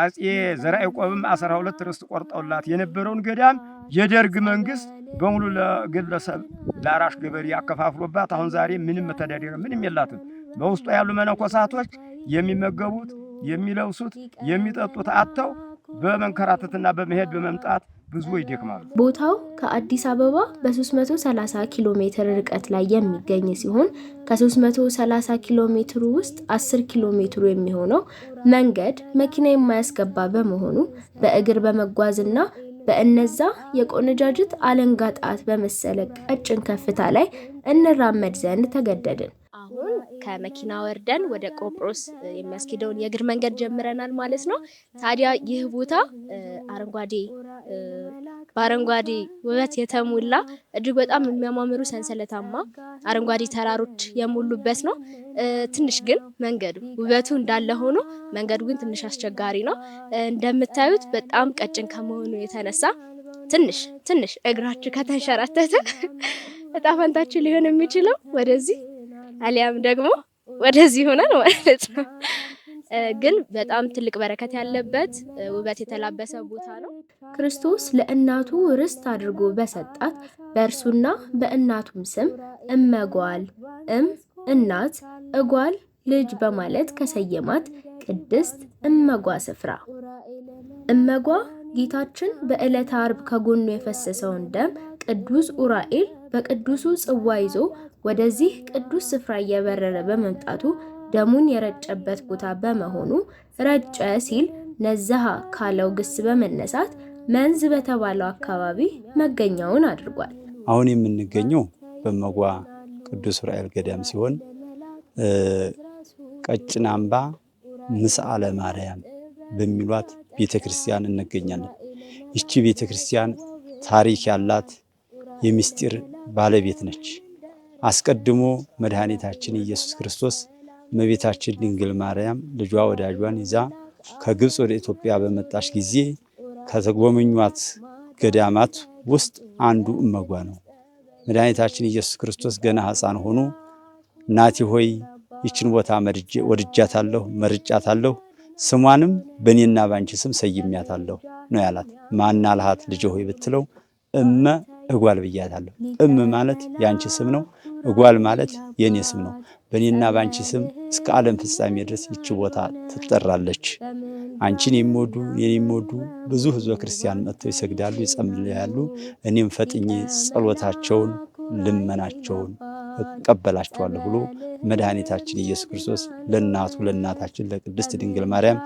አጼ ዘርዓ ያዕቆብም አስራ ሁለት ርስት ቆርጠውላት የነበረውን ገዳም የደርግ መንግስት በሙሉ ለግለሰብ ለአራሽ ገበሬ አከፋፍሎባት አሁን ዛሬ ምንም መተዳደር ምንም የላትም። በውስጡ ያሉ መነኮሳቶች የሚመገቡት፣ የሚለብሱት፣ የሚጠጡት አጥተው በመንከራተትና በመሄድ በመምጣት ብዙ ይደክማሉ። ቦታው ከአዲስ አበባ በ330 ኪሎ ሜትር ርቀት ላይ የሚገኝ ሲሆን ከ330 ኪሎ ሜትሩ ውስጥ 10 ኪሎ ሜትሩ የሚሆነው መንገድ መኪና የማያስገባ በመሆኑ በእግር በመጓዝና በእነዛ የቆነጃጅት አለንጋ ጣት በመሰለ ቀጭን ከፍታ ላይ እንራመድ ዘንድ ተገደድን። ከመኪና ወርደን ወደ ቆጵሮስ የሚያስኬደውን የእግር መንገድ ጀምረናል ማለት ነው። ታዲያ ይህ ቦታ አረንጓዴ በአረንጓዴ ውበት የተሞላ እጅግ በጣም የሚያማምሩ ሰንሰለታማ አረንጓዴ ተራሮች የሞሉበት ነው። ትንሽ ግን መንገዱ ውበቱ እንዳለ ሆኖ መንገዱ ግን ትንሽ አስቸጋሪ ነው። እንደምታዩት በጣም ቀጭን ከመሆኑ የተነሳ ትንሽ ትንሽ እግራችሁ ከተንሸራተተ እጣ ፈንታችሁ ሊሆን የሚችለው ወደዚህ አሊያም ደግሞ ወደዚህ ይሆናል ማለት ነው። ግን በጣም ትልቅ በረከት ያለበት ውበት የተላበሰ ቦታ ነው። ክርስቶስ ለእናቱ ርስት አድርጎ በሰጣት በእርሱና በእናቱም ስም እመጓል እም እናት እጓል ልጅ በማለት ከሰየማት ቅድስት እመጓ ስፍራ እመጓ ጌታችን በዕለተ አርብ ከጎኑ የፈሰሰውን ደም ቅዱስ ኡራኤል በቅዱሱ ጽዋ ይዞ ወደዚህ ቅዱስ ስፍራ እየበረረ በመምጣቱ ደሙን የረጨበት ቦታ በመሆኑ ረጨ ሲል ነዘሃ ካለው ግስ በመነሳት መንዝ በተባለው አካባቢ መገኛውን አድርጓል። አሁን የምንገኘው በመጓ ቅዱስ ራኤል ገዳም ሲሆን ቀጭን አምባ ምስአለ ማርያም በሚሏት ቤተ ክርስቲያን እንገኛለን። ይቺ ቤተ ክርስቲያን ታሪክ ያላት የምስጢር ባለቤት ነች። አስቀድሞ መድኃኒታችን ኢየሱስ ክርስቶስ እመቤታችን ድንግል ማርያም ልጇ ወዳጇን ይዛ ከግብፅ ወደ ኢትዮጵያ በመጣች ጊዜ ከተጎመኟት ገዳማት ውስጥ አንዱ እመጓ ነው። መድኃኒታችን ኢየሱስ ክርስቶስ ገና ሕፃን ሆኖ እናቴ ሆይ ይችን ቦታ ወድጃታለሁ፣ መርጫታለሁ፣ ስሟንም በእኔና ባንቺ ስም ሰይሚያታለሁ ነው ያላት። ማና ልሃት ልጄ ሆይ ብትለው እመ እጓል ብያታለሁ። እም ማለት ያንቺ ስም ነው እጓል ማለት የእኔ ስም ነው። በእኔና በአንቺ ስም እስከ ዓለም ፍጻሜ ድረስ ይች ቦታ ትጠራለች። አንቺን የሚወዱ የኔ የሚወዱ ብዙ ህዝበ ክርስቲያን መጥተው ይሰግዳሉ፣ ይጸልያሉ። እኔም ፈጥኜ ጸሎታቸውን፣ ልመናቸውን እቀበላቸዋለሁ ብሎ መድኃኒታችን ኢየሱስ ክርስቶስ ለእናቱ ለእናታችን ለቅድስት ድንግል ማርያም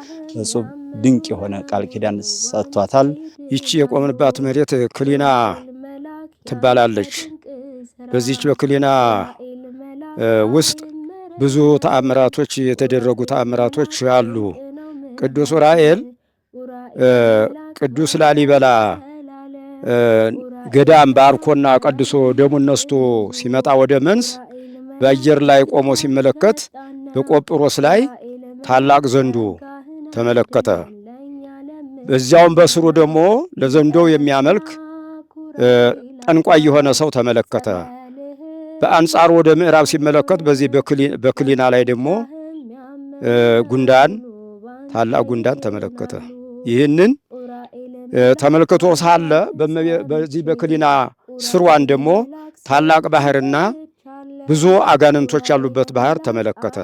እጹብ ድንቅ የሆነ ቃል ኪዳን ሰጥቷታል። ይቺ የቆምንባት መሬት ክሊና ትባላለች። በዚች በክሊና ውስጥ ብዙ ተአምራቶች የተደረጉ ተአምራቶች አሉ። ቅዱስ ዑራኤል ቅዱስ ላሊበላ ገዳም ባርኮና ቀድሶ ደሙን ነስቶ ሲመጣ ወደ መንስ በአየር ላይ ቆሞ ሲመለከት በቆጵሮስ ላይ ታላቅ ዘንዶ ተመለከተ። በዚያውም በስሩ ደግሞ ለዘንዶው የሚያመልክ ጠንቋይ የሆነ ሰው ተመለከተ። በአንጻር ወደ ምዕራብ ሲመለከት በዚህ በክሊና ላይ ደግሞ ጉንዳን፣ ታላቅ ጉንዳን ተመለከተ። ይህንን ተመልክቶ ሳለ በዚህ በክሊና ስሯን ደግሞ ታላቅ ባህርና ብዙ አጋንንቶች ያሉበት ባህር ተመለከተ።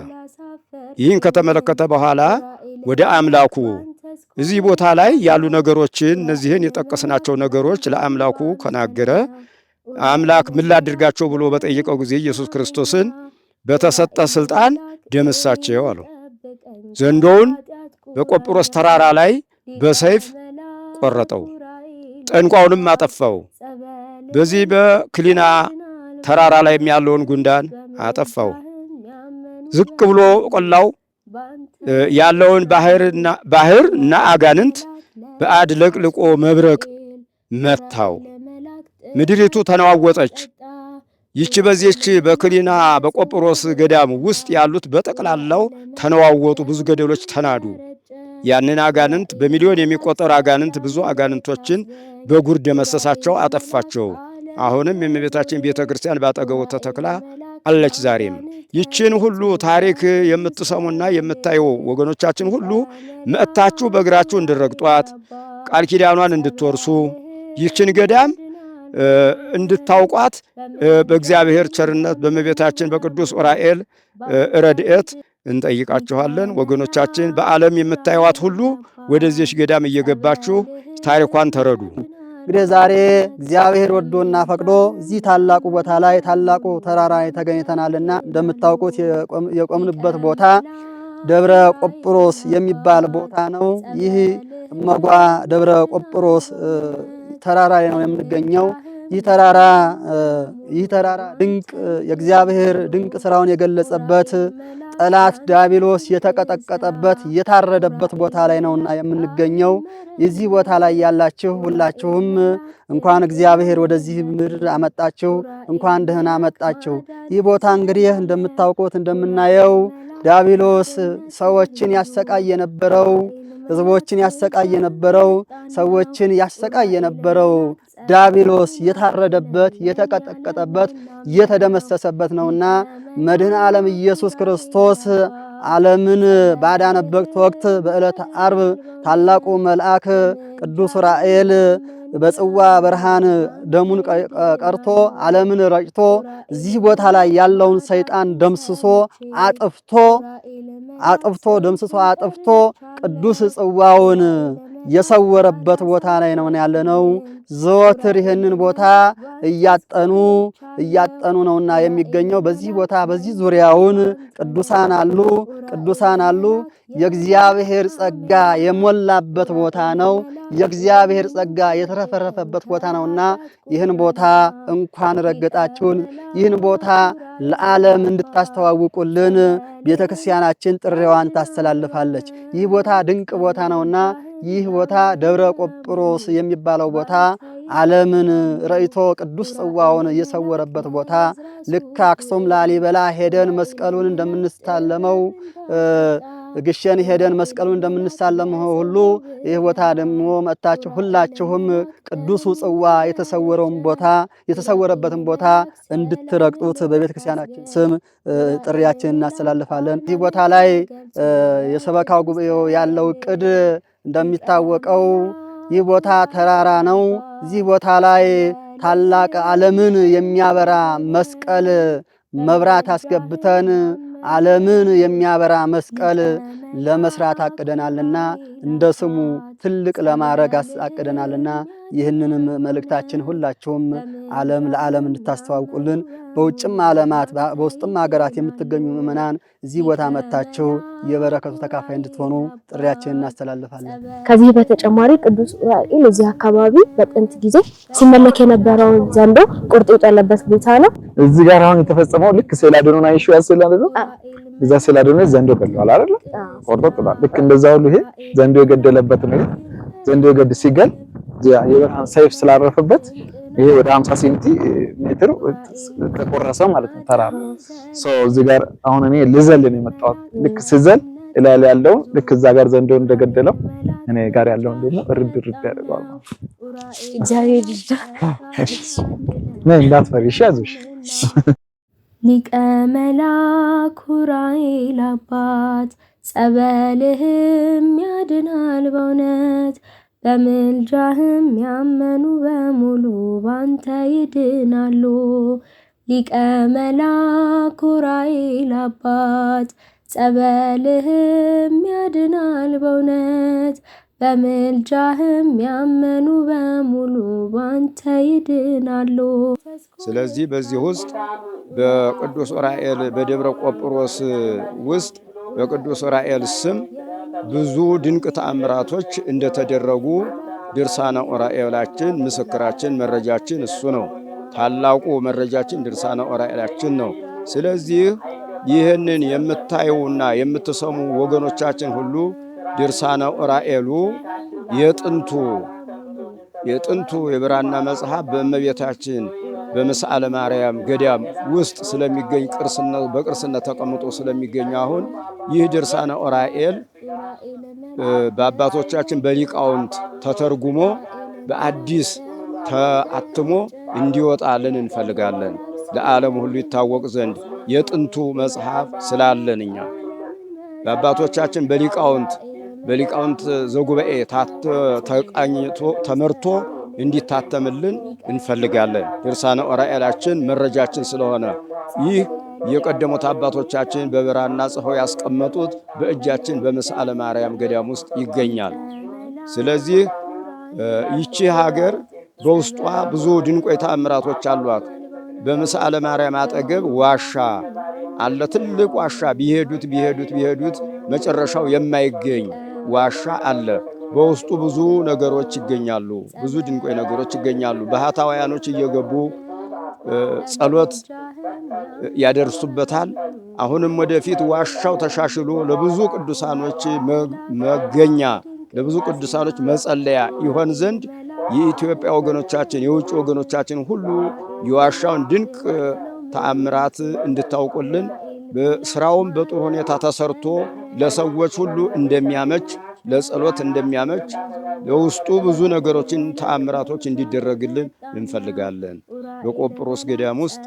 ይህን ከተመለከተ በኋላ ወደ አምላኩ እዚህ ቦታ ላይ ያሉ ነገሮችን እነዚህን የጠቀስናቸው ነገሮች ለአምላኩ ከናገረ አምላክ ምን ላድርጋቸው ብሎ በጠየቀው ጊዜ ኢየሱስ ክርስቶስን በተሰጠ ስልጣን ደመሳቸው አሉ። ዘንዶውን በቆጵሮስ ተራራ ላይ በሰይፍ ቆረጠው፣ ጠንቋውንም አጠፋው። በዚህ በክሊና ተራራ ላይ ያለውን ጉንዳን አጠፋው። ዝቅ ብሎ ቆላው ያለውን ባህርና አጋንንት በአድ ለቅልቆ መብረቅ መታው። ምድሪቱ ተነዋወጠች። ይቺ በዚች በክሊና በቆጵሮስ ገዳም ውስጥ ያሉት በጠቅላላው ተነዋወጡ። ብዙ ገደሎች ተናዱ። ያንን አጋንንት በሚሊዮን የሚቆጠር አጋንንት ብዙ አጋንንቶችን በጉር ደመሰሳቸው፣ አጠፋቸው። አሁንም የእመቤታችን ቤተ ክርስቲያን ባጠገቡ ተተክላ አለች። ዛሬም ይችን ሁሉ ታሪክ የምትሰሙና የምታዩ ወገኖቻችን ሁሉ መጥታችሁ በእግራችሁ እንድረግጧት ቃል ኪዳኗን እንድትወርሱ ይችን ገዳም እንድታውቋት በእግዚአብሔር ቸርነት በመቤታችን በቅዱስ ዑራኤል ረድኤት እንጠይቃችኋለን። ወገኖቻችን በዓለም የምታዩዋት ሁሉ ወደዚች ገዳም እየገባችሁ ታሪኳን ተረዱ። እንግዲህ ዛሬ እግዚአብሔር ወዶና ፈቅዶ እዚህ ታላቁ ቦታ ላይ ታላቁ ተራራ ተገኝተናልና እንደምታውቁት የቆምንበት ቦታ ደብረ ቆጵሮስ የሚባል ቦታ ነው። ይህ መጓ ደብረ ቆጵሮስ ተራራ ላይ ነው የምንገኘው። ይህ ተራራ ይህ ተራራ ድንቅ የእግዚአብሔር ድንቅ ስራውን የገለጸበት ጠላት ዳቢሎስ የተቀጠቀጠበት የታረደበት ቦታ ላይ ነውና የምንገኘው። የዚህ ቦታ ላይ ያላችሁ ሁላችሁም እንኳን እግዚአብሔር ወደዚህ ምድር አመጣችሁ፣ እንኳን ደህና አመጣችሁ። ይህ ቦታ እንግዲህ እንደምታውቁት እንደምናየው ዳቢሎስ ሰዎችን ያሰቃይ የነበረው ህዝቦችን ያሰቃይ የነበረው ሰዎችን ያሰቃይ የነበረው ዳቢሎስ የታረደበት የተቀጠቀጠበት የተደመሰሰበት ነውና መድህን ዓለም ኢየሱስ ክርስቶስ ዓለምን ባዳነበት ወቅት በዕለተ ዓርብ ታላቁ መልአክ ቅዱስ ራኤል በጽዋ ብርሃን ደሙን ቀርቶ ዓለምን ረጭቶ እዚህ ቦታ ላይ ያለውን ሰይጣን ደምስሶ አጥፍቶ አጥፍቶ ደምስሶ አጥፍቶ ቅዱስ ጽዋውን የሰወረበት ቦታ ላይ ነው ያለነው። ዘወትር ይህንን ቦታ እያጠኑ እያጠኑ ነውና የሚገኘው በዚህ ቦታ በዚህ ዙሪያውን ቅዱሳን አሉ ቅዱሳን አሉ። የእግዚአብሔር ጸጋ የሞላበት ቦታ ነው። የእግዚአብሔር ጸጋ የተረፈረፈበት ቦታ ነውና ይህን ቦታ እንኳን ረገጣችሁን። ይህን ቦታ ለዓለም እንድታስተዋውቁልን ቤተክርስቲያናችን ጥሪዋን ታስተላልፋለች። ይህ ቦታ ድንቅ ቦታ ነውና ይህ ቦታ ደብረ ቆጵሮስ የሚባለው ቦታ ዓለምን ረይቶ ቅዱስ ጽዋውን የሰወረበት ቦታ ልክ አክሱም ላሊበላ ሄደን መስቀሉን እንደምንሳለመው ግሸን ሄደን መስቀሉን እንደምንሳለመው ሁሉ ይህ ቦታ ደግሞ መጥታችሁ ሁላችሁም ቅዱሱ ጽዋ የተሰወረውን ቦታ የተሰወረበትን ቦታ እንድትረግጡት በቤተ ክርስቲያናችን ስም ጥሪያችን እናስተላልፋለን። ይህ ቦታ ላይ የሰበካው ጉባኤው ያለው ቅድ እንደሚታወቀው ይህ ቦታ ተራራ ነው። እዚህ ቦታ ላይ ታላቅ ዓለምን የሚያበራ መስቀል መብራት አስገብተን ዓለምን የሚያበራ መስቀል ለመስራት አቅደናልና እንደ ስሙ ትልቅ ለማድረግ አቅደናልና ይህንንም መልእክታችን ሁላችሁም ዓለም ለዓለም እንድታስተዋውቁልን በውጭም ዓለማት በውስጥም ሀገራት የምትገኙ ምእመናን እዚህ ቦታ መጥታችሁ የበረከቱ ተካፋይ እንድትሆኑ ጥሪያችን እናስተላልፋለን። ከዚህ በተጨማሪ ቅዱስ ዑራኤል እዚህ አካባቢ በጥንት ጊዜ ሲመለክ የነበረውን ዘንዶ ቁርጥ የጣለበት ቦታ ነው። እዚህ ጋር አሁን የተፈጸመው ልክ ስዕለ አድኅኖን አይሽው ያስላ ነው። እዛ ስዕለ አድኅኖ ዘንዶ ገድሏል አይደል? ቆርጦ ጥሏል። ልክ እንደዛ ሁሉ ይሄ ዘንዶ የገደለበት ነው። ዘንዶ ገብ ሲገል የብርሃን ሰይፍ ስላረፈበት ይሄ ወደ 50 ሴንቲ ሜትር ተቆረሰ ማለት ነው። ተራ እዚህ ጋር አሁን እኔ ልዘል ነው የመጣሁት። ልክ ስዘል እላል ያለው ልክ እዛ ጋር ዘንዶ እንደገደለው እኔ ጋር ያለው እንዴት ርድ ርድ ያደርገዋል። እግዚአብሔር ይርዳ። ነይ እንዳትፈሪ፣ እሺ ያዙሽ። ሊቀ መላኩ ራኤል አባት ጸበልህም ያድናል በእውነት በምልጃህም ያመኑ በሙሉ ባንተ ይድናሉ። ሊቀ መላእክት ኡራኤል አባት ጸበልህም ያድናል በእውነት በምልጃህም ያመኑ በሙሉ ባንተ ይድናሉ። ስለዚህ በዚህ ውስጥ በቅዱስ ኡራኤል በደብረ ቆጵሮስ ውስጥ በቅዱስ ዑራኤል ስም ብዙ ድንቅ ተአምራቶች እንደተደረጉ ድርሳነ ዑራኤላችን ምስክራችን፣ መረጃችን እሱ ነው። ታላቁ መረጃችን ድርሳነ ዑራኤላችን ነው። ስለዚህ ይህንን የምታዩና የምትሰሙ ወገኖቻችን ሁሉ ድርሳነ ዑራኤሉ የጥንቱ የጥንቱ የብራና መጽሐፍ በእመቤታችን በመስዓለ ማርያም ገዳም ውስጥ ስለሚገኝ በቅርስነት ተቀምጦ ስለሚገኝ አሁን ይህ ድርሳነ ኦራኤል በአባቶቻችን በሊቃውንት ተተርጉሞ በአዲስ ተአትሞ እንዲወጣልን እንፈልጋለን። ለዓለም ሁሉ ይታወቅ ዘንድ የጥንቱ መጽሐፍ ስላለን እኛ በአባቶቻችን በሊቃውንት በሊቃውንት ዘጉባኤ ተቃኝቶ ተመርቶ እንዲታተምልን እንፈልጋለን። ድርሳነ ኦራኤላችን መረጃችን ስለሆነ ይህ የቀደሙት አባቶቻችን በብራና ጽፈው ያስቀመጡት በእጃችን በመስዓለ ማርያም ገዳም ውስጥ ይገኛል። ስለዚህ ይቺ ሀገር በውስጧ ብዙ ድንቅ ተአምራቶች አሏት። በመስዓለ ማርያም አጠገብ ዋሻ አለ። ትልቅ ዋሻ ቢሄዱት ቢሄዱት ቢሄዱት መጨረሻው የማይገኝ ዋሻ አለ። በውስጡ ብዙ ነገሮች ይገኛሉ። ብዙ ድንቆይ ነገሮች ይገኛሉ። ባህታውያኖች እየገቡ ጸሎት ያደርሱበታል። አሁንም ወደፊት ዋሻው ተሻሽሎ ለብዙ ቅዱሳኖች መገኛ ለብዙ ቅዱሳኖች መጸለያ ይሆን ዘንድ የኢትዮጵያ ወገኖቻችን የውጭ ወገኖቻችን ሁሉ የዋሻውን ድንቅ ተአምራት እንድታውቁልን ስራውን በጥሩ ሁኔታ ተሰርቶ ለሰዎች ሁሉ እንደሚያመች ለጸሎት እንደሚያመች ለውስጡ ብዙ ነገሮችን ተአምራቶች እንዲደረግልን እንፈልጋለን። በቆጵሮስ ገዳም ውስጥ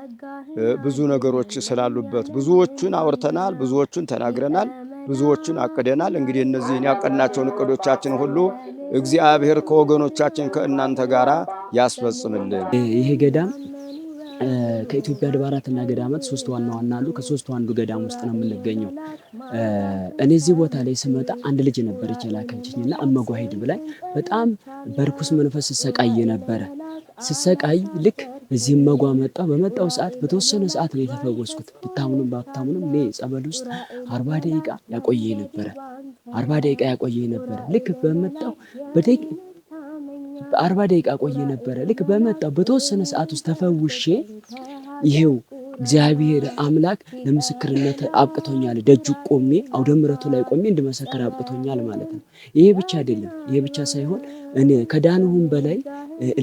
ብዙ ነገሮች ስላሉበት ብዙዎቹን አውርተናል፣ ብዙዎቹን ተናግረናል፣ ብዙዎቹን አቅደናል። እንግዲህ እነዚህን ያቀድናቸውን እቅዶቻችን ሁሉ እግዚአብሔር ከወገኖቻችን ከእናንተ ጋር ያስፈጽምልን። ይሄ ገዳም ከኢትዮጵያ አድባራትና ገዳማት ሶስት ዋና ዋና አሉ። ከሶስቱ አንዱ ገዳም ውስጥ ነው የምንገኘው። እኔ እዚህ ቦታ ላይ ስመጣ አንድ ልጅ ነበር ነበረች እና አመጓሄድ ብላኝ በጣም በርኩስ መንፈስ ስሰቃይ ነበረ። ስሰቃይ ልክ እዚህ መጓ መጣ። በመጣው ሰዓት በተወሰነ ሰዓት ነው የተፈወስኩት። ብታምኑም ባታምኑም እኔ ጸበል ውስጥ አርባ ደቂቃ ያቆየ ነበረ አርባ ደቂቃ ያቆየ ነበረ ልክ በመጣው በደቂቃ አርባ ደቂቃ ቆየ ነበረ። ልክ በመጣው በተወሰነ ሰዓት ውስጥ ተፈውሼ ይሄው እግዚአብሔር አምላክ ለምስክርነት አብቅቶኛል። ደጁ ቆሜ አውደ ላይ ቆሜ እንድመሰክር አብቅቶኛል ማለት ነው። ይሄ ብቻ አይደለም። ይሄ ብቻ ሳይሆን እኔ ከዳንሁም በላይ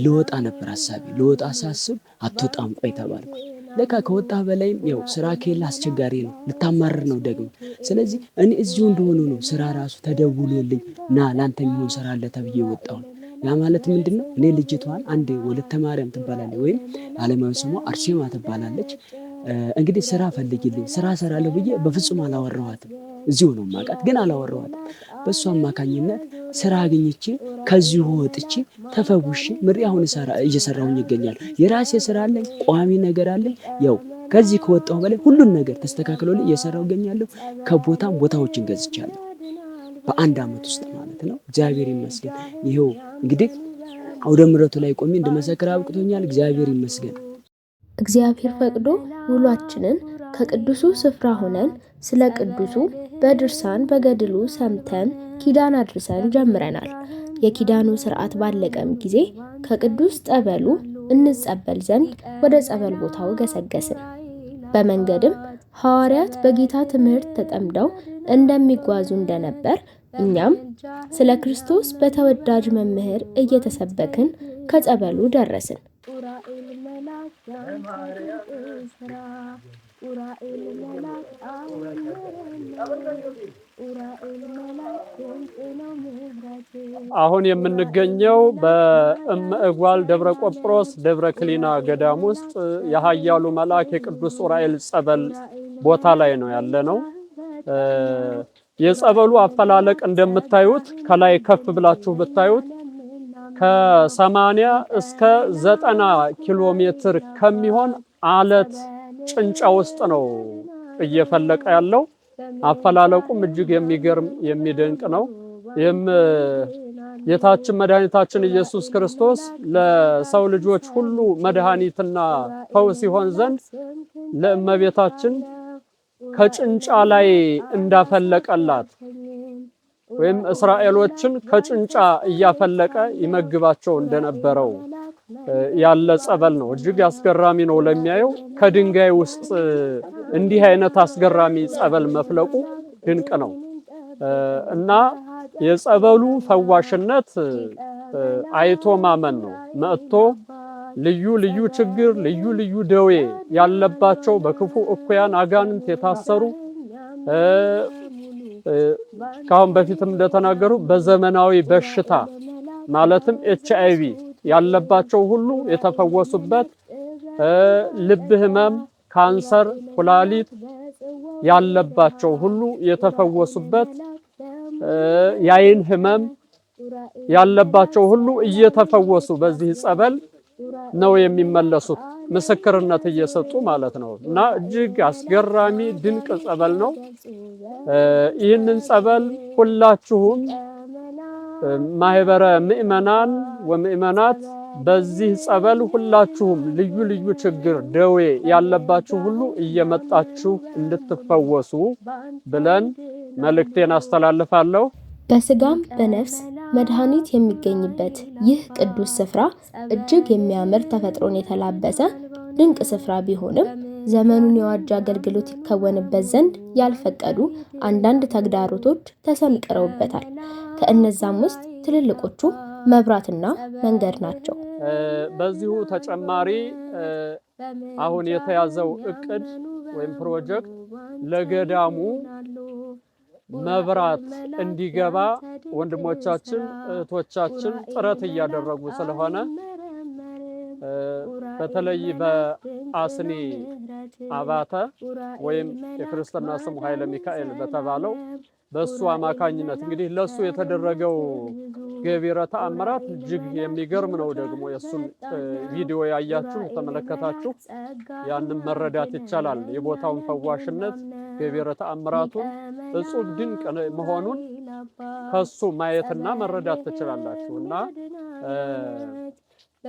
ልወጣ ነበር ሀሳቤ። ልወጣ ሳስብ አትወጣም ቆይ ተባልኩ። ለካ ከወጣ በላይም ያው ስራ ከሌለ አስቸጋሪ ነው፣ ልታማርር ነው ደግሞ። ስለዚህ እኔ እዚሁ እንደሆነ ነው ስራ ራሱ ተደውሎልኝ ና ለአንተ የሚሆን ስራ አለ ተብዬ ወጣሁ። ያ ማለት ምንድን ነው? እኔ ልጅቷን አንዴ ወለተ ማርያም ትባላለች ወይም አለማዊ ስሟ አርሴማ ትባላለች። እንግዲህ ስራ ፈልግልኝ ስራ ሰራለሁ ብዬ በፍጹም አላወራኋትም። እዚሁ ነው ማቃት ግን አላወራኋትም። በእሱ አማካኝነት ስራ አግኝቼ ከዚሁ ወጥቼ ተፈውሼ ምሪ አሁን እየሰራሁኝ ይገኛል። የራሴ ስራ አለኝ፣ ቋሚ ነገር አለኝ። ያው ከዚህ ከወጣሁ በላይ ሁሉን ነገር ተስተካክሎልኝ እየሰራሁ እገኛለሁ። ከቦታም ቦታዎችን ገዝቻለሁ በአንድ አመት ውስጥ ትናንት ነው። እግዚአብሔር ይመስገን። ይኸው እንግዲህ አውደ ምረቱ ላይ ቆሜ እንድመሰክር አብቅቶኛል። እግዚአብሔር ይመስገን። እግዚአብሔር ፈቅዶ ውሏችንን ከቅዱሱ ስፍራ ሆነን ስለ ቅዱሱ በድርሳን በገድሉ ሰምተን ኪዳን አድርሰን ጀምረናል። የኪዳኑ ስርዓት ባለቀም ጊዜ ከቅዱስ ጸበሉ እንጸበል ዘንድ ወደ ጸበል ቦታው ገሰገስን። በመንገድም ሐዋርያት በጌታ ትምህርት ተጠምደው እንደሚጓዙ እንደነበር እኛም ስለ ክርስቶስ በተወዳጅ መምህር እየተሰበክን ከጸበሉ ደረስን። አሁን የምንገኘው በእምዕጓል ደብረ ቆጵሮስ ደብረ ክሊና ገዳም ውስጥ የኃያሉ መልአክ የቅዱስ ዑራኤል ጸበል ቦታ ላይ ነው ያለ ነው። የጸበሉ አፈላለቅ እንደምታዩት ከላይ ከፍ ብላችሁ ብታዩት ከ80 እስከ 90 ኪሎ ሜትር ከሚሆን አለት ጭንጫ ውስጥ ነው እየፈለቀ ያለው። አፈላለቁም እጅግ የሚገርም የሚደንቅ ነው። ይህም ጌታችን መድኃኒታችን ኢየሱስ ክርስቶስ ለሰው ልጆች ሁሉ መድኃኒትና ፈውስ ይሆን ዘንድ ለእመቤታችን ከጭንጫ ላይ እንዳፈለቀላት ወይም እስራኤሎችን ከጭንጫ እያፈለቀ ይመግባቸው እንደነበረው ያለ ጸበል ነው። እጅግ አስገራሚ ነው ለሚያየው። ከድንጋይ ውስጥ እንዲህ አይነት አስገራሚ ጸበል መፍለቁ ድንቅ ነው እና የጸበሉ ፈዋሽነት አይቶ ማመን ነው መጥቶ ልዩ ልዩ ችግር ልዩ ልዩ ደዌ ያለባቸው በክፉ እኩያን አጋንንት የታሰሩ ካሁን በፊትም እንደተናገሩ በዘመናዊ በሽታ ማለትም ኤች አይ ቪ ያለባቸው ሁሉ የተፈወሱበት፣ ልብ ህመም፣ ካንሰር፣ ኩላሊት ያለባቸው ሁሉ የተፈወሱበት፣ የአይን ህመም ያለባቸው ሁሉ እየተፈወሱ በዚህ ጸበል ነው የሚመለሱት፣ ምስክርነት እየሰጡ ማለት ነው። እና እጅግ አስገራሚ ድንቅ ጸበል ነው። ይህንን ጸበል ሁላችሁም ማህበረ ምእመናን ወምእመናት በዚህ ጸበል ሁላችሁም ልዩ ልዩ ችግር ደዌ ያለባችሁ ሁሉ እየመጣችሁ እንድትፈወሱ ብለን መልእክቴን አስተላልፋለሁ። በስጋም በነፍስ መድኃኒት የሚገኝበት ይህ ቅዱስ ስፍራ እጅግ የሚያምር ተፈጥሮን የተላበሰ ድንቅ ስፍራ ቢሆንም ዘመኑን የዋጀ አገልግሎት ይከወንበት ዘንድ ያልፈቀዱ አንዳንድ ተግዳሮቶች ተሰንቅረውበታል። ከእነዛም ውስጥ ትልልቆቹ መብራትና መንገድ ናቸው። በዚሁ ተጨማሪ አሁን የተያዘው እቅድ ወይም ፕሮጀክት ለገዳሙ መብራት እንዲገባ ወንድሞቻችን እህቶቻችን ጥረት እያደረጉ ስለሆነ በተለይ በአስኒ አባተ ወይም የክርስትና ስሙ ኃይለ ሚካኤል በተባለው በእሱ አማካኝነት እንግዲህ ለእሱ የተደረገው ገቢረ ተአምራት እጅግ የሚገርም ነው። ደግሞ የእሱን ቪዲዮ ያያችሁ የተመለከታችሁ ያንም መረዳት ይቻላል የቦታውን ፈዋሽነት የእግዚአብሔር ተአምራቱን እጹብ ድንቅ መሆኑን ከሱ ማየትና መረዳት ትችላላችሁ። እና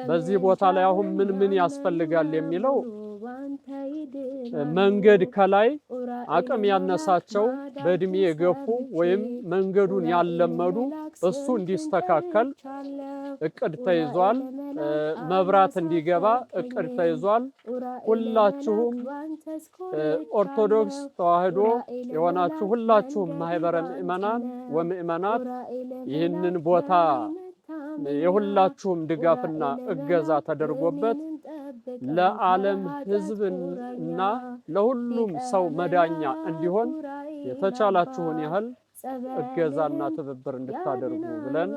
በዚህ ቦታ ላይ አሁን ምን ምን ያስፈልጋል የሚለው መንገድ ከላይ አቅም ያነሳቸው በእድሜ የገፉ ወይም መንገዱን ያለመዱ እሱ እንዲስተካከል እቅድ ተይዟል። መብራት እንዲገባ እቅድ ተይዟል። ሁላችሁም ኦርቶዶክስ ተዋህዶ የሆናችሁ ሁላችሁም ማህበረ ምእመናን ወምእመናት ይህንን ቦታ የሁላችሁም ድጋፍና እገዛ ተደርጎበት ለዓለም ሕዝብና ለሁሉም ሰው መዳኛ እንዲሆን የተቻላችሁን ያህል እገዛና ትብብር እንድታደርጉ ብለን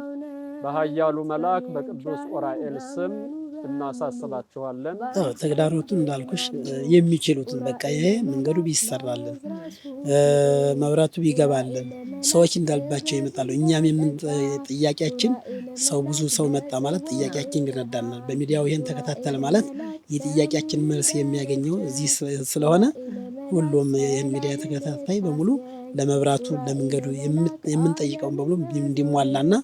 በኃያሉ መልአክ በቅዱስ ዑራኤል ስም እናሳስባችኋለን። ተግዳሮቱን እንዳልኩሽ የሚችሉትን በቃ ይሄ መንገዱ ቢሰራልን፣ መብራቱ ቢገባልን፣ ሰዎች እንዳልባቸው ይመጣሉ። እኛም ጥያቄያችን ሰው ብዙ ሰው መጣ ማለት ጥያቄያችን ይረዳናል። በሚዲያው ይሄን ተከታተል ማለት የጥያቄያችን መልስ የሚያገኘው እዚህ ስለሆነ ሁሉም ይህን ሚዲያ ተከታታይ በሙሉ ለመብራቱ ለመንገዱ የምንጠይቀውን በሙሉ እንዲሟላና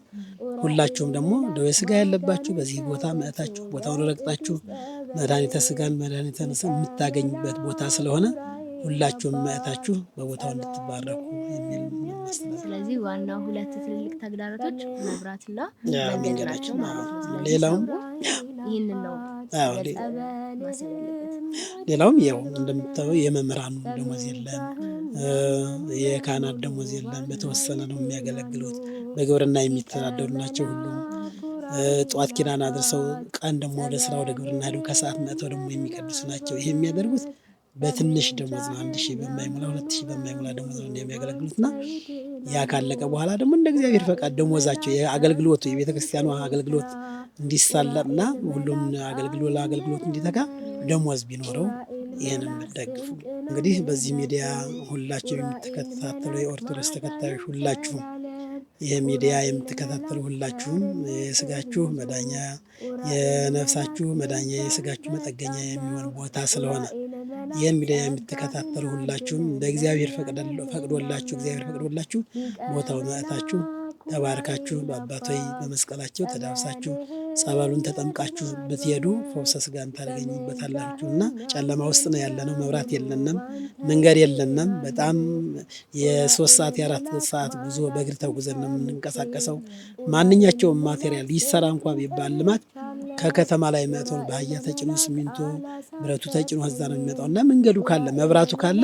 ሁላችሁም ደግሞ ደዌ ስጋ ያለባችሁ በዚህ ቦታ መጥታችሁ ቦታውን ረግጣችሁ መድኃኒተ ስጋን መድኃኒተ ነፍስን የምታገኙበት ቦታ ስለሆነ ሁላችሁም መጥታችሁ በቦታው እንድትባረኩ የሚል ስለዚህ ዋናው ሁለት ትልልቅ ተግዳሮቶች መብራትና መንገድ ናቸው ሌላውም ይህንን ነው። ሌላውም ያው እንደምታየው የመምህራኑ ደሞዝ የለም። የካህናት ደሞዝ የለም። በተወሰነ ነው የሚያገለግሉት። በግብርና የሚተዳደሩ ናቸው ሁሉም። ጠዋት ኪዳን አድርሰው ቀን ደግሞ ወደ ስራ ወደ ግብርና ሄደው ከሰዓት መጥተው ደግሞ የሚቀድሱ ናቸው። ይሄ የሚያደርጉት በትንሽ ደሞዝ ነው። አንድ ሺህ በማይሞላ ሁለት ሺህ በማይሞላ ደሞዝ ነው የሚያገለግሉት እና ያ ካለቀ በኋላ ደግሞ እንደ እግዚአብሔር ፈቃድ ደሞዛቸው የአገልግሎቱ የቤተክርስቲያኗ አገልግሎት እንዲሳለጥና ሁሉም አገልግሎ ለአገልግሎት እንዲተጋ ደሞዝ ቢኖረው ይህን የምትደግፉ እንግዲህ በዚህ ሚዲያ ሁላችሁ የምትከታተሉ የኦርቶዶክስ ተከታዮች ሁላችሁም ይህ ሚዲያ የምትከታተሉ ሁላችሁም የስጋችሁ መዳኛ የነፍሳችሁ መዳኛ የስጋችሁ መጠገኛ የሚሆን ቦታ ስለሆነ ይህን ሚዲያ የምትከታተሉ ሁላችሁም እንደ እግዚአብሔር ፈቅዶላችሁ እግዚአብሔር ፈቅዶላችሁ ቦታው መእታችሁ ተባርካችሁ በአባቶይ በመስቀላቸው ተዳብሳችሁ ጸበሉን ተጠምቃችሁ ብትሄዱ ፈውሰ ስጋን ታገኙበታላችሁ። እና ጨለማ ውስጥ ነው ያለነው። መብራት የለንም፣ መንገድ የለንም። በጣም የሶስት ሰዓት የአራት ሰዓት ጉዞ በእግር ተጉዘን ነው የምንንቀሳቀሰው። ማንኛቸውም ማቴሪያል ይሰራ እንኳ ቢባል ልማት ከከተማ ላይ መጥተው በአህያ ተጭኖ ሲሚንቶ ብረቱ ተጭኖ እዛ ነው የሚመጣው። እና መንገዱ ካለ መብራቱ ካለ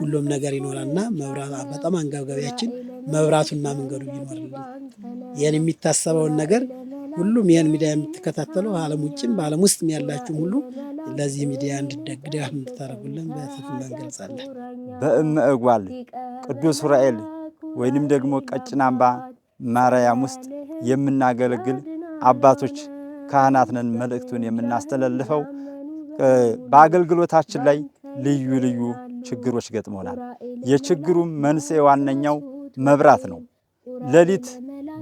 ሁሉም ነገር ይኖራል። እና መብራት በጣም አንገብጋቢያችን መብራቱና መንገዱ ይኖርልን ይህን የሚታሰበውን ነገር ሁሉም ይህን ሚዲያ የምትከታተሉ ዓለም ውጭም በዓለም ውስጥ ያላችሁም ሁሉ ለዚህ ሚዲያ እንድደግዳፍ እንድታደርጉልን በትህትና እንገልጻለን። በእምእጓል ቅዱስ ዑራኤል ወይንም ደግሞ ቀጭን አምባ ማርያም ውስጥ የምናገለግል አባቶች ካህናት ነን። መልእክቱን የምናስተላልፈው በአገልግሎታችን ላይ ልዩ ልዩ ችግሮች ገጥመናል። የችግሩ መንስኤ ዋነኛው መብራት ነው። ሌሊት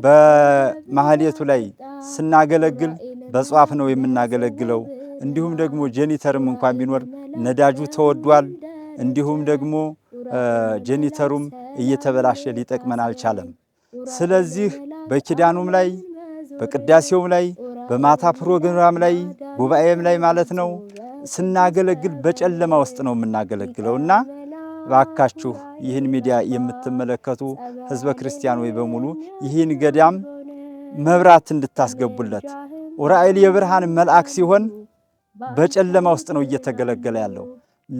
በማህሌቱ ላይ ስናገለግል በጽዋፍ ነው የምናገለግለው። እንዲሁም ደግሞ ጄኒተርም እንኳን ቢኖር ነዳጁ ተወዷል። እንዲሁም ደግሞ ጄኒተሩም እየተበላሸ ሊጠቅመን አልቻለም። ስለዚህ በኪዳኑም ላይ በቅዳሴውም ላይ በማታ ፕሮግራም ላይ ጉባኤም ላይ ማለት ነው ስናገለግል በጨለማ ውስጥ ነው የምናገለግለው እና ባካችሁ ይህን ሚዲያ የምትመለከቱ ህዝበ ክርስቲያን ወይ በሙሉ ይህን ገዳም መብራት እንድታስገቡለት። ዑራኤል የብርሃን መልአክ ሲሆን በጨለማ ውስጥ ነው እየተገለገለ ያለው።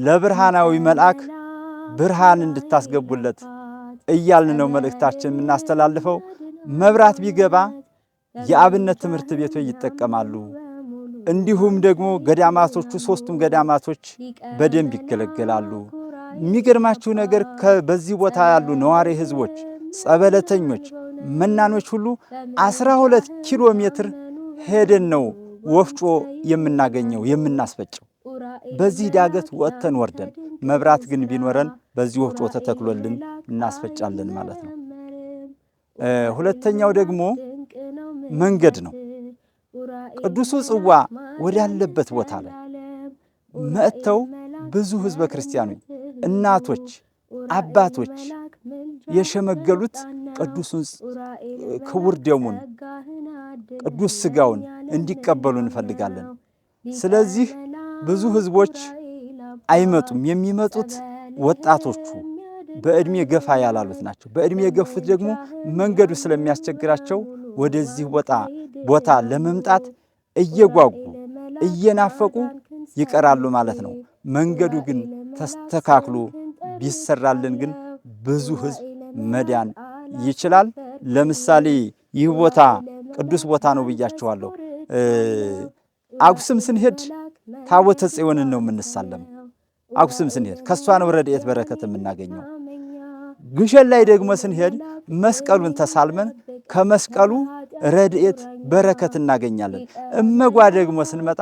ለብርሃናዊ መልአክ ብርሃን እንድታስገቡለት እያልን ነው መልእክታችን የምናስተላልፈው። መብራት ቢገባ የአብነት ትምህርት ቤቶ ይጠቀማሉ። እንዲሁም ደግሞ ገዳማቶቹ ሶስቱም ገዳማቶች በደንብ ይገለገላሉ። የሚገርማችሁ ነገር በዚህ ቦታ ያሉ ነዋሪ ህዝቦች፣ ጸበለተኞች፣ መናኖች ሁሉ 12 ኪሎ ሜትር ሄደን ነው ወፍጮ የምናገኘው የምናስፈጨው። በዚህ ዳገት ወጥተን ወርደን መብራት ግን ቢኖረን በዚህ ወፍጮ ተተክሎልን እናስፈጫለን ማለት ነው። ሁለተኛው ደግሞ መንገድ ነው። ቅዱሱ ጽዋ ወዳለበት ቦታ ላይ መጥተው ብዙ ህዝበ ክርስቲያኑ እናቶች፣ አባቶች የሸመገሉት ቅዱሱን ክቡር ደሙን ቅዱስ ስጋውን እንዲቀበሉ እንፈልጋለን። ስለዚህ ብዙ ህዝቦች አይመጡም። የሚመጡት ወጣቶቹ በዕድሜ ገፋ ያላሉት ናቸው። በዕድሜ የገፉት ደግሞ መንገዱ ስለሚያስቸግራቸው ወደዚህ ቦታ ቦታ ለመምጣት እየጓጉ እየናፈቁ ይቀራሉ ማለት ነው። መንገዱ ግን ተስተካክሎ ቢሰራልን ግን ብዙ ህዝብ መዳን ይችላል። ለምሳሌ ይህ ቦታ ቅዱስ ቦታ ነው ብያችኋለሁ። አኩስም ስንሄድ ታቦተ ጽዮንን ነው የምንሳለም። አኩስም ስንሄድ ከእሷ ነው ረድኤት በረከት የምናገኘው። ግሸን ላይ ደግሞ ስንሄድ መስቀሉን ተሳልመን ከመስቀሉ ረድኤት በረከት እናገኛለን። እመጓ ደግሞ ስንመጣ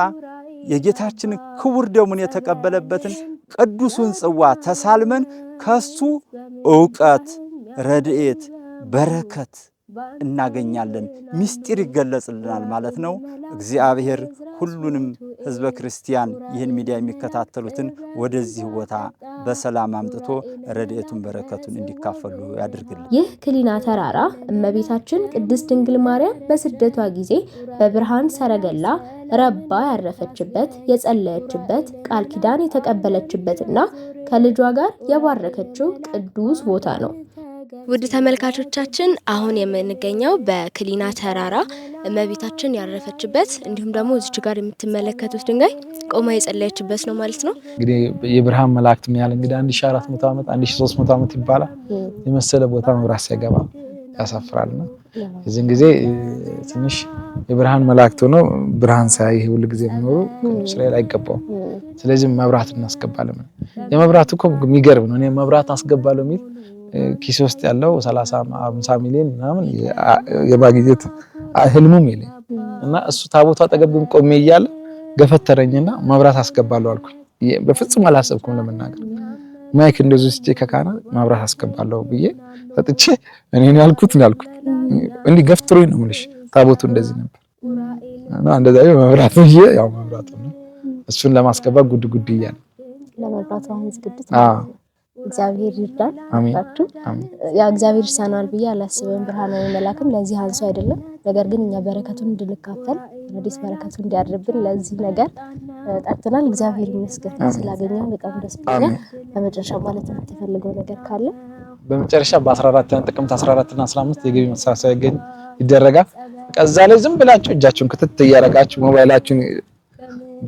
የጌታችንን ክቡር ደሙን የተቀበለበትን ቅዱሱን ጽዋ ተሳልመን ከሱ ዕውቀት፣ ረድኤት፣ በረከት እናገኛለን። ምስጢር ይገለጽልናል ማለት ነው። እግዚአብሔር ሁሉንም ሕዝበ ክርስቲያን ይህን ሚዲያ የሚከታተሉትን ወደዚህ ቦታ በሰላም አምጥቶ ረድኤቱን በረከቱን እንዲካፈሉ ያድርግልን። ይህ ክሊና ተራራ እመቤታችን ቅድስት ድንግል ማርያም በስደቷ ጊዜ በብርሃን ሰረገላ ረባ ያረፈችበት የጸለየችበት ቃል ኪዳን የተቀበለችበትና ከልጇ ጋር የባረከችው ቅዱስ ቦታ ነው። ውድ ተመልካቾቻችን አሁን የምንገኘው በክሊና ተራራ እመቤታችን ያረፈችበት እንዲሁም ደግሞ እዚች ጋር የምትመለከቱት ድንጋይ ቆማ የጸለየችበት ነው ማለት ነው። እንግዲህ የብርሃን መላእክት ያህል እንግዲህ 1400 ዓመት መቶ ዓመት ይባላል የመሰለ ቦታ መብራት ሲያገባ ያሳፍራል። ያሳፍራልና እዚህን ጊዜ ትንሽ የብርሃን መላእክት ሆነው ብርሃን ሳይ ሁል ጊዜ የሚኖሩ እስራኤል አይገባውም። ስለዚህ መብራት እናስገባለን። የመብራት እኮ የሚገርም ነው። እኔ መብራት አስገባለሁ የሚል ኪስ ውስጥ ያለው 30 50 ሚሊዮን ምናምን የማግኘት ህልሙም የለኝ እና እሱ ታቦቱ አጠገብ ግን ቆሜ እያለ ገፈተረኝና መብራት አስገባለሁ አልኩኝ። በፍጹም አላሰብኩም ለመናገር ማይክ እንደዚህ ስጪ ከካና መብራት አስገባለሁ ብዬ ሰጥቼ እኔን ያልኩት ነው ያልኩት። እንዲህ ገፍትሮኝ ነው የምልሽ። ታቦቱ እንደዚህ ነበር እና እንደዛ ይሄ መብራት ብዬ ያው መብራት ነው እሱን ለማስገባት ጉድ ጉድ እያለ ለመብራት አሁን ዝግጅት እግዚአብሔር ይርዳል። ታችሁ ያው እግዚአብሔር ይሳነዋል ብዬ አላስብም። ብርሃናዊ መላክም ለዚህ አንሶ አይደለም። ነገር ግን እኛ በረከቱን እንድንካፈል አዲስ በረከቱ እንዲያድርብን ለዚህ ነገር ጠርተናል። እግዚአብሔር ይመስገን ስላገኘን በጣም ደስ ብሎኛል። በመጨረሻ ማለት የምትፈልገው ነገር ካለ በመጨረሻ በ14 ጥቅምት 14 እና 15 የገቢ መሰባሰቢያ ገኝ ይደረጋል። ከዛ ላይ ዝም ብላችሁ እጃችሁን ክትት እያደረጋችሁ ሞባይላችሁን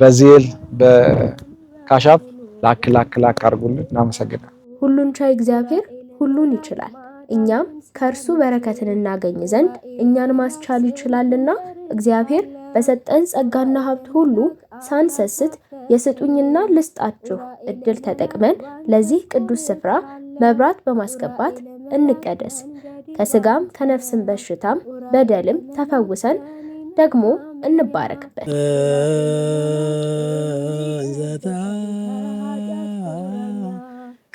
በዜል በካሻፕ ላክ ላክ ላክ አድርጉልን። እናመሰግናለን። ሁሉን ቻይ እግዚአብሔር ሁሉን ይችላል። እኛም ከእርሱ በረከትን እናገኝ ዘንድ እኛን ማስቻል ይችላልና እግዚአብሔር በሰጠን ጸጋና ሀብት ሁሉ ሳንሰስት የስጡኝና ልስጣችሁ እድል ተጠቅመን ለዚህ ቅዱስ ስፍራ መብራት በማስገባት እንቀደስ። ከስጋም ከነፍስም በሽታም በደልም ተፈውሰን ደግሞ እንባረክበት።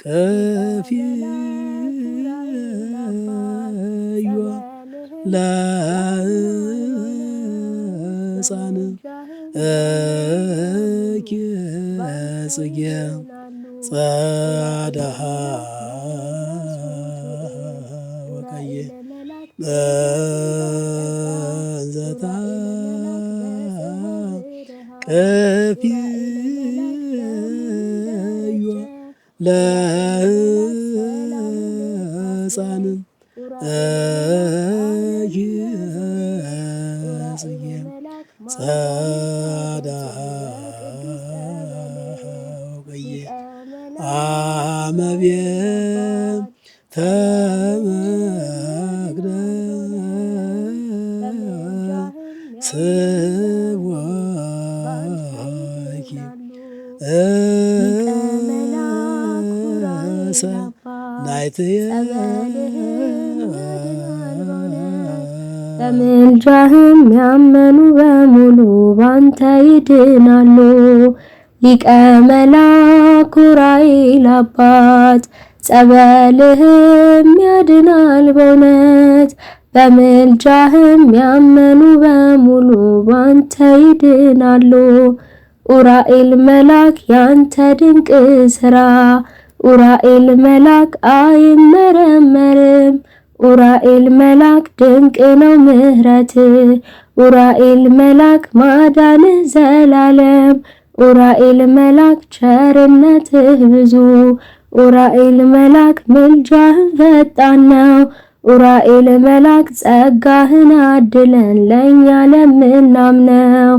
ቀፊዋ ላሕፃን እኪ ጽጌ ጸዳሃ ወቀየ እንዘታ ለሕፃን ኢየጽየም ጸዳወየ አመብየ በምልጃህም ያመኑ በሙሉ ባንተ ይድናሉ። ሊቀ መላእክት ኡራኤል አባት ጸበልህም ያድናል በእውነት። በምልጃህም ያመኑ በሙሉ ባንተ ይድናሉ። ኡራኤል መላክ ያንተ ድንቅ ስራ ኡራኤል መላክ አይመረመርም። ኡራኤል መላክ ድንቅ ነው ምህረት ኡራኤል መላክ ማዳን ዘላለም ኡራኤል መላክ ቸርነትህ ብዙ ኡራኤል መላክ ምልጃህን ፈጣን ነው ኡራኤል መላክ ጸጋህን አድለን ለእኛ ለምናምነው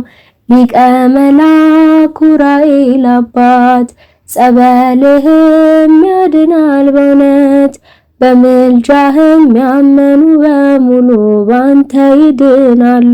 ሊቀ መላክ ኡራኤል አባት ጸበልህም ያድናል በእውነት በምልጃህም ያመኑ በሙሉ ባንተ ይድናሉ።